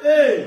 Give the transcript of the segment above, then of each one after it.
Hey.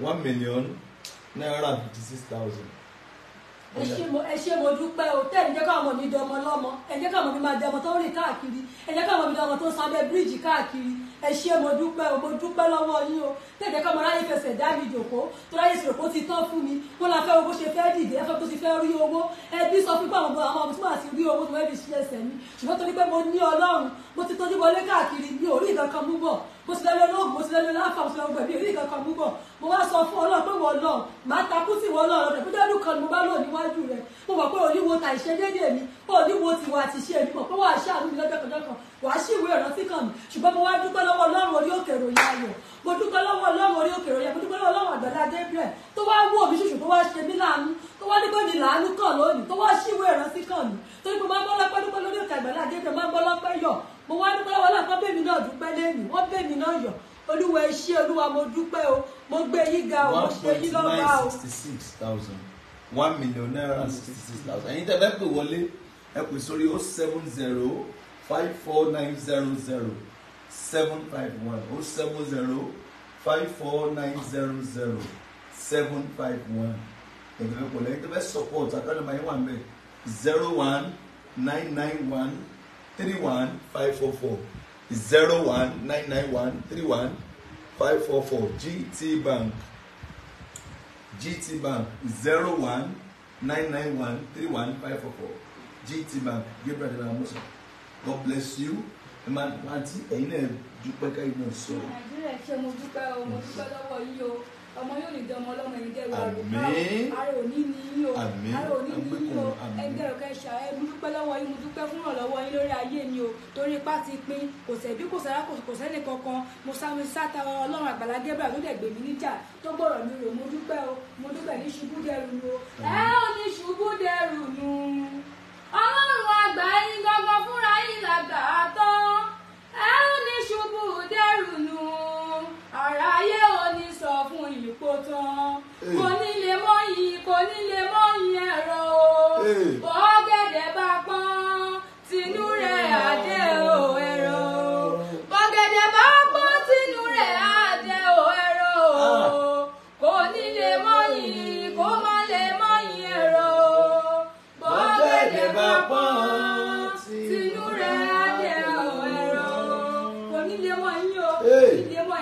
one million nine hundred fifty six thousand. ẹ ṣé mo ẹ ṣé mo dúpẹ́ o tẹ́ ẹ̀ ń jẹ́ káwọn ọmọ mi dọmọ lọ́mọ ẹ jẹ́ káwọn ọmọ mi máa dọmọ tó rìn káàkiri ẹ jẹ́ káwọn ọmọ mi dọmọ tó sábẹ́ bíríìjì káàkiri ẹ ṣé mo dúpẹ́ o mo dúpẹ́ lọ́wọ́ yín o tẹ̀jẹ̀ ká mo ráyè fẹsẹ̀ dábì jòkó tó ráyè sọ̀rọ̀ kó ti tán fún mi mo la fẹ́ owó ṣe fẹ́ dìde ẹ fẹ́ kó ti fẹ́ rí owó ẹbí sọ fún pàwọn ọmọ àwọn ọmọ tí rí owó tó fẹ́ fi ṣe ẹsẹ̀ mo sì lọ́ọ́ lọ́ọ́ mo sì lọ́ọ́ lọ́ọ́ láfà mo sì lọ́ọ́ gbẹ̀bí orí kankan mú bọ̀ mo wá sọ fún ọlọ́run pé wọ́n lọ màá takú sí wọ́n lọ́ọ́ rẹ̀ pẹ́jọ́ ọdún kan ni mo bá lò níwájú rẹ̀ mo mọ̀ pé òní wo ta ìṣe déédéé mi òní wo tiwa àti ìṣe mi mọ̀ pé wàá ṣàánú mi lọ́jọ́ kan lọ́kàn wàá ṣì ìwé ìrántí kan mi ṣùgbọ́n mo wá dúpẹ́ lọ́wọ́ ọlọ́run orí òkè ìròyìn ayọ̀ mo dúpẹ́ lọ́wọ́ ọlọ́run orí òkè ìròyìn mo dúpẹ́ lọ́wọ́ ọlọ́run àgbàlá Gabriel tó wá wò mí ṣùṣù tó wá ṣe mí láàánú tó wá ní gbòdì láàánú kàn lónìí tó wá ṣì ìwé ìrántí kan mi torí mo máa ń bọ́ lọ́pẹ́ dúpẹ́ lórí òkè àgbàlá Gabriel máa ń bọ́ lọ́pẹ́ yọ̀ mo wá dúpẹ́ lọ́wọ́ náà wọ́n náà dúpẹ́ lẹ́nu wọ́n bèmí náà yọ̀ olúwa ẹ ṣé olúwa mo dúpẹ́ o mo gbé yín ga o mo ṣe yín lọ́gbà o. one point nine sixty six thousand one million naira sixty six thousand ẹ̀yin tẹ́ fẹ́ pè wọlé ẹ pè sórí o seven zero five four nine zero zero seven five one o seven zero five four nine zero zero seven five one ẹ̀yin tẹ́ fẹ́ pè support akadama yín wà ń bẹ̀ zero one nine nine one three one five four four zero one nine nine one three one five four four GT Bank GT Bank zero one nine nine one three one five four four GT Bank Gabriel Adébáyọ̀ Amusa God bless you ẹ ẹ̀yin náà dúpẹ́ káyọ̀ náà sọ. Nàìjíríà ṣe mo dúpẹ́ o mo dúpẹ́ lọ́wọ́ yìí o ọmọ yóò ní dán ọmọ ọlọ́mọ ẹni dẹ́rù àrùbá ara ò ní yín o ara ò ní yín o ẹni dẹ́rù kẹsà ẹ mú dúpẹ́ lọ́wọ́ yín mo dúpẹ́ fún ìrànlọ́wọ́ yín lórí ayé mi o torí ipá ti pín kò sẹ̀bí kò sára kò sẹ́ni kankan mo sáré sáta ọlọ́run àgbàlá débra tó dẹ̀ gbè níjà tó gbọ́rọ̀ mi rò mo dúpẹ́ o mo dúpẹ́ ní ṣubú dẹrù nu o ẹ ò ní ṣubú dẹrù nu.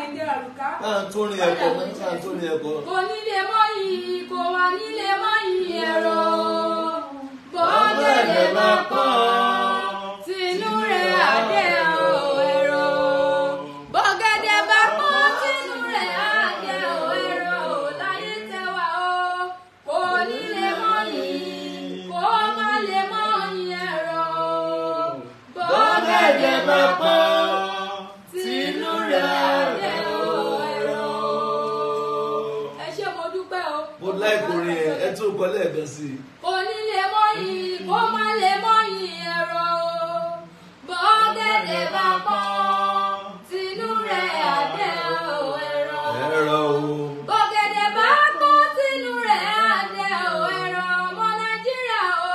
Àyìndé Àlùká. tá à ń tó rin ẹ̀kọ́ mọ́ tá ń tó rin ẹ̀kọ́. kò nílé mọ́ yìí kò wà nílé mọ́ yìí ẹ̀rọ kò á máa pọ̀. sí i. onílé mọ́yìn kó má lè mọ́yìn ẹ̀rọ bọ́ọ̀dẹ̀dẹ̀ bá pọ́n tinú rẹ̀ àdẹ́ o ẹ̀rọ. ẹ̀rọ o. bọ́gẹ̀dẹ̀ bá pọ́n tinú rẹ̀ àdẹ́ o ẹ̀rọ ọmọ nàìjíríà o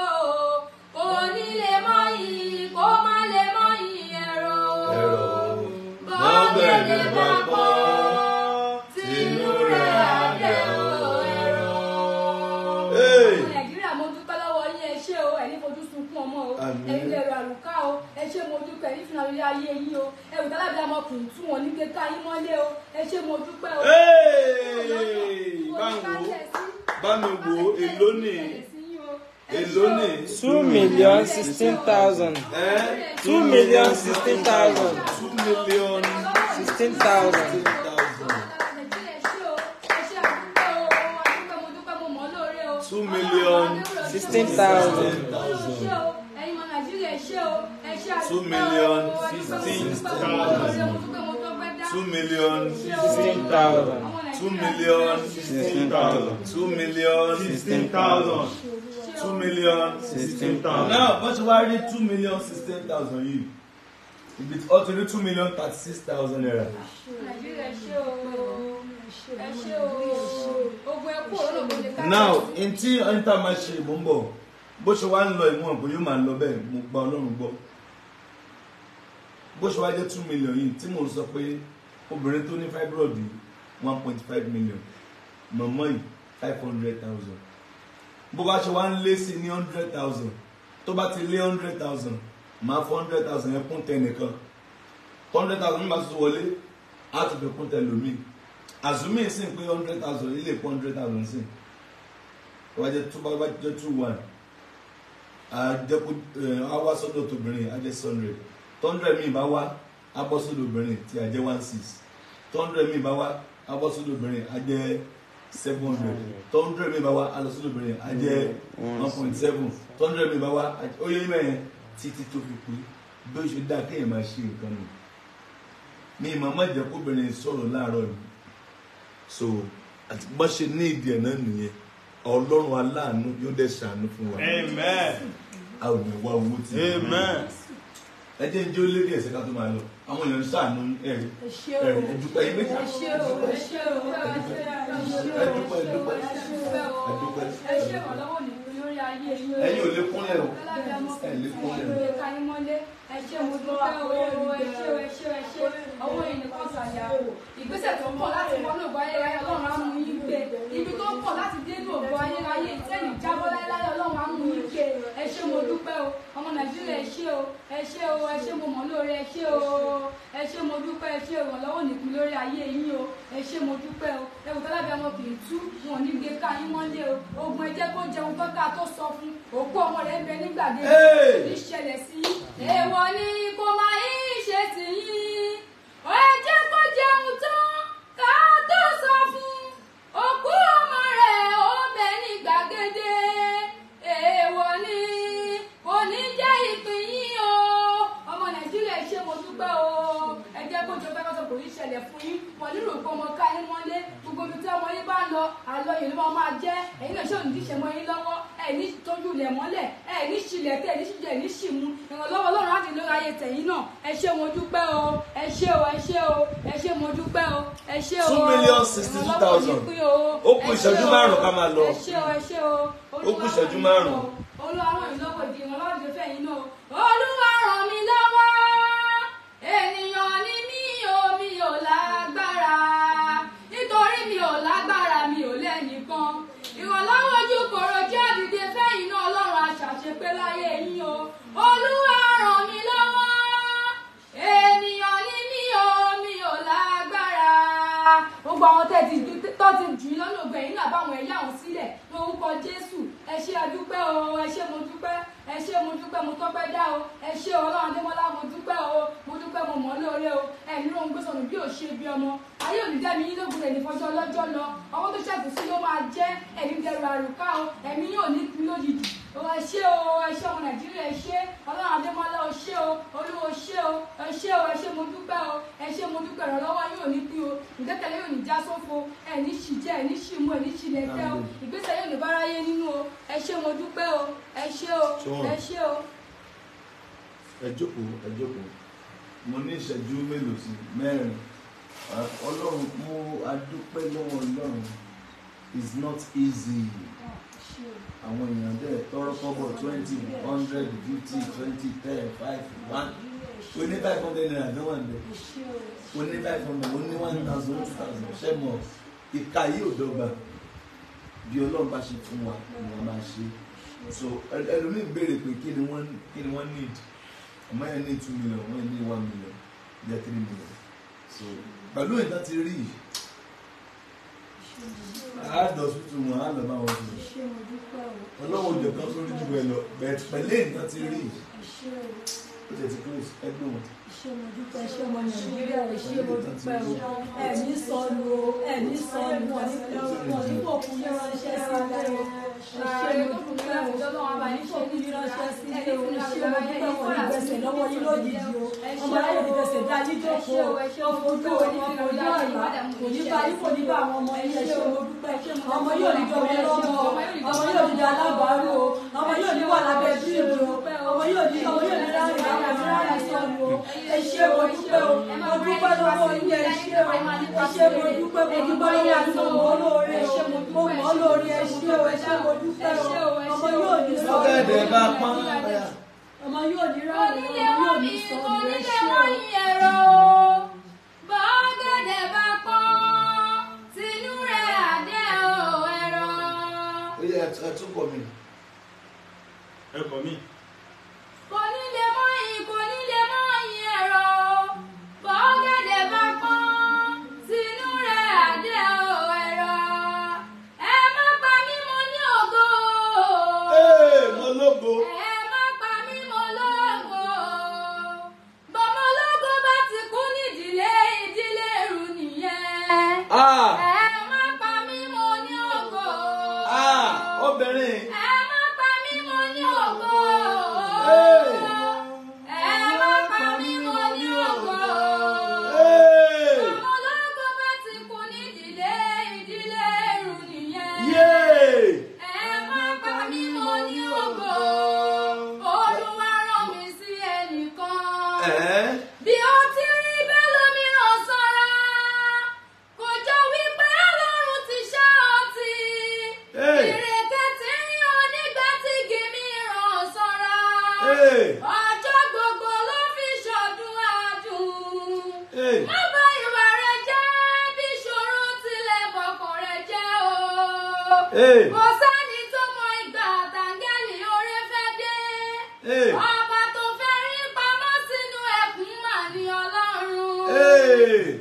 onílé mọ́yìn kó má lè mọ́yìn ẹ̀rọ. ẹ̀rọ o. bọ́ọ̀dẹ̀dẹ̀ lórí ayé yín o ẹ wò tálàbí amọkùnrin tún wọn ní kéka yín mọ́lé o ẹ ṣe mo dúpẹ́ o. báwo bá wo èló ni èló ni. two million sixteen thousand. two million sixteen thousand. two million sixteen thousand. two million sixteen thousand two million sixteen thousand two million sixteen thousand two million sixteen thousand two million sixteen thousand two million sixteen thousand. now but you wá rí two million sixteen thousand you. ibi tí ó ti two million thirty six thousand naira. now ntí ntá máa ṣe mò ń bọ̀ bó ṣe wá ń lọ ìwọ̀n kò yóò máa lọ bẹ́ẹ̀ mo gba Ọlọ́run gbọ́ bó ṣe wáá two million yìí tí mò ń sọ pé obìnrin tó ní fibroid yìí one point five million mọ̀mọ́ yìí five hundred thousand bó bá ṣe wá ń lé sí ní hundred thousand tó bá ti lé hundred thousand máa fọ hundred thousand yẹn kún tẹ nìkan hundred thousand nígbà tó wọlé á tún fi kún tẹ lómi àzùmí sì ń pé hundred thousand ilé pọ hundred thousand sí wájú tó bá jẹ two one àjẹkù àwọn eh, sọ́dọ̀ tóbìnrin àjẹ six hundred tọ́ndrẹ̀ mi bá wá abọ́sódò obìnrin tí a jẹ́ one six tọ́ndrẹ̀ mi bá wá abọ́sódò obìnrin a jẹ́ seven hundred tọ́ndrẹ̀ mi bá wá alọ́sódò obìnrin a jẹ́ one point seven tọ́ndrẹ̀ mi bá wá ó yẹ mẹ́rin títí tó fi pé bí ó ṣe dáa kéèyàn máa ṣe nǹkan nù mi ìmọ̀ má jẹ́ kóbìnrin sọ̀rọ̀ láàárọ̀ ni so àti bá ṣe ní ìdí ẹ̀ náà nìyẹn ọlọ́run aláàánú yóò dẹ̀ ṣàánú fún wa a ò ní wá owó tí wọ́n mú ẹ jẹ́ njẹ́ ó lé díẹ̀ sẹ́ka tó máa lọ àwọn èèyàn ṣàánú ẹ̀rí ẹ̀rí ẹ̀dúpẹ́ yín méjì ẹ̀dúpẹ́ ẹ̀dúpẹ́ ẹ̀dúpẹ́ ẹ̀dúpẹ́ ẹ̀yin ò lè kúnlẹ̀ o ẹ̀ lè kúnlẹ̀ o. ìgbésẹ̀ tó ń bọ̀ láti ibi tó ń bọ̀ láti dénú ògbó ayérayé ìtẹ́yìn jábọ́ láéláé ọlọ́run á mú yín gbé ṣé o ẹ ṣé o ẹ ṣé mo mọ̀ lóore ẹ ṣé o ẹ ṣé mo dúpẹ́ ẹ ṣé ìrànlọ́wọ́ nìkún lórí ayé yín o ẹ ṣé mo dúpẹ́ o ẹ wò tálábẹ́ ọmọ kì tú wọn ní gbé ká yín mọ́lé o ogun ẹjẹ́ kó jẹun tó ká tó sọ fún òkú ọmọ rẹ̀ ń bẹ nígbàdé ní ṣẹlẹ̀ sí èèwọ̀ ni kò máa ń ṣe tì yín ẹ kó jẹun tán. nírò pé ọmọ ká yín mọ́lé gbogbo ibi tí ọmọ yín bá ń lọ àlọ yìí ló máa máa jẹ́ ẹ̀yin náà ṣòun díṣe mọ́ yín lọ́wọ́ ẹ̀ tójú ilẹ̀ mọ́lẹ̀ ẹ̀ ní ṣìlẹ̀ tẹ̀ ní ṣìjẹ̀ ní ṣìmú ìrànlọ́wọ́ ọlọ́run láti lórí ayé tẹ̀yìn náà ẹ ṣé mo dúpẹ́ o ẹ ṣé o ẹ ṣé o ẹ ṣé mo dúpẹ́ o ẹ ṣé o two million sixty thousand ó kù ìṣẹ́jú márùn-ún ká máa lọ ẹ ṣé o ẹ ṣé o ó kù ìṣẹ́jú márùn-ún olúwa ràn mí lọ́wọ́ ìdí ìrànlọ́wọ́ ìdí lóore o ẹ̀mí ló ń gbé sọnù bí ò ṣe bí ọmọ ayé olùdẹ́mi yín lógun ẹ̀ní fọjọ́ lọ́jọ́ lọ ọwọ́ tó ṣẹ̀kù sí ló máa jẹ́ ẹ̀mí dẹrù àrùká o ẹ̀mí yóò ní kú lójijì ẹ ṣé o ẹ ṣé ọmọ nàìjíríà ẹ ṣé ọlọ́run adémọ́lá ẹ ṣé o olúwo ṣé o ẹ ṣé o ẹ ṣé mo dúpẹ́ o ẹ ṣé mo dúpẹ́ ìrànlọ́wọ́ yóò ní pín o ìdẹ́tẹ̀lẹ́ yóò ní já sófo ẹ ṣì jẹ́ ẹ ṣì mú ẹ ní ṣì lẹ́tẹ́ o ìgbésẹ̀ yóò ní báráyé nínú o ẹ ṣé mo dúpẹ́ o ẹ ṣé o ẹ ṣé o. ẹ jókòó ẹ jókòó mo ní ìṣẹ́jú mélòó sí mẹ́rin ọlọ́run mo adúpẹ́ lọ́wọ́ ọlọ́run is not easy àwọn èèyàn dẹ̀ tọrọ kọ́bọ̀ twenty hundred fifty twenty ten five one o ní five hundred naira ní wà ní o ní five hundred o ní one thousand two thousand ṣẹ́ mọ̀ ìka yìí ò dọ́gba bí ọlọ́run bá ṣe fún wa ni wọ́n máa ṣe so ẹlòmíì béèrè pé kí ni wọ́n need ọmọye ní two million ọmọye ní one million yẹ three million so pẹ̀lú ìta ti rí yìí àádọ́sùtù wọn á lọ bá wọn sùn ọlọ́wọ́ òjò kan sórí jù bẹ́ẹ̀ lọ pẹ̀lú ìta ti rí yìí ó tẹ̀ ti close ẹgbẹ́ wọn ṣọmọdúpẹ́ ṣọmọ nàìjíríà ẹ ṣé mo dúpẹ́ o ẹ̀mí sọnù o ẹ̀mí sọnù ọ̀nìkọ̀ọ̀kù yẹn ránṣẹ́ sí ẹṣẹ mo dúpẹ́ o ọmọ yóò ní dọ̀wọ́ lọ́mọ ọmọ yóò ní alábàárù ọmọ yóò ní wà lábẹ́ bíìlì o ọmọ yóò ní ọmọ yóò ní láàrin ẹ sọ̀rọ̀ o ẹ ṣé mo dúpẹ́ o mo dúpẹ́ lọ́wọ́ yín ẹ ṣé o ẹ ṣé mo dúpẹ́ mo dúpẹ́ lọ́wọ́ àti mo mọ̀ lóore o mo mọ̀ lóore ẹ ṣé o ẹ ṣé mo dúpẹ́ o ọmọ yóò ní sọ̀rọ̀ ọmọ yóò ní rọ̀ ọmọ yóò ní sọ̀rọ̀ ẹ ṣé o. ẹ túkọ̀ mi. ẹ kọ̀ mi. ọjọ́ gbogbo ló fi ṣọdún àdùn. má bá ìwà rẹ jẹ́ bí ṣòro tilẹ̀ bọ̀kàn rẹ jẹ́ o. kò sẹ́ni tó mọ ìgbà tàǹgẹ́lì oore fẹ́ dé. ọba tó fẹ́ rí pamọ́ sínú ẹkùn mà ọlọ́run.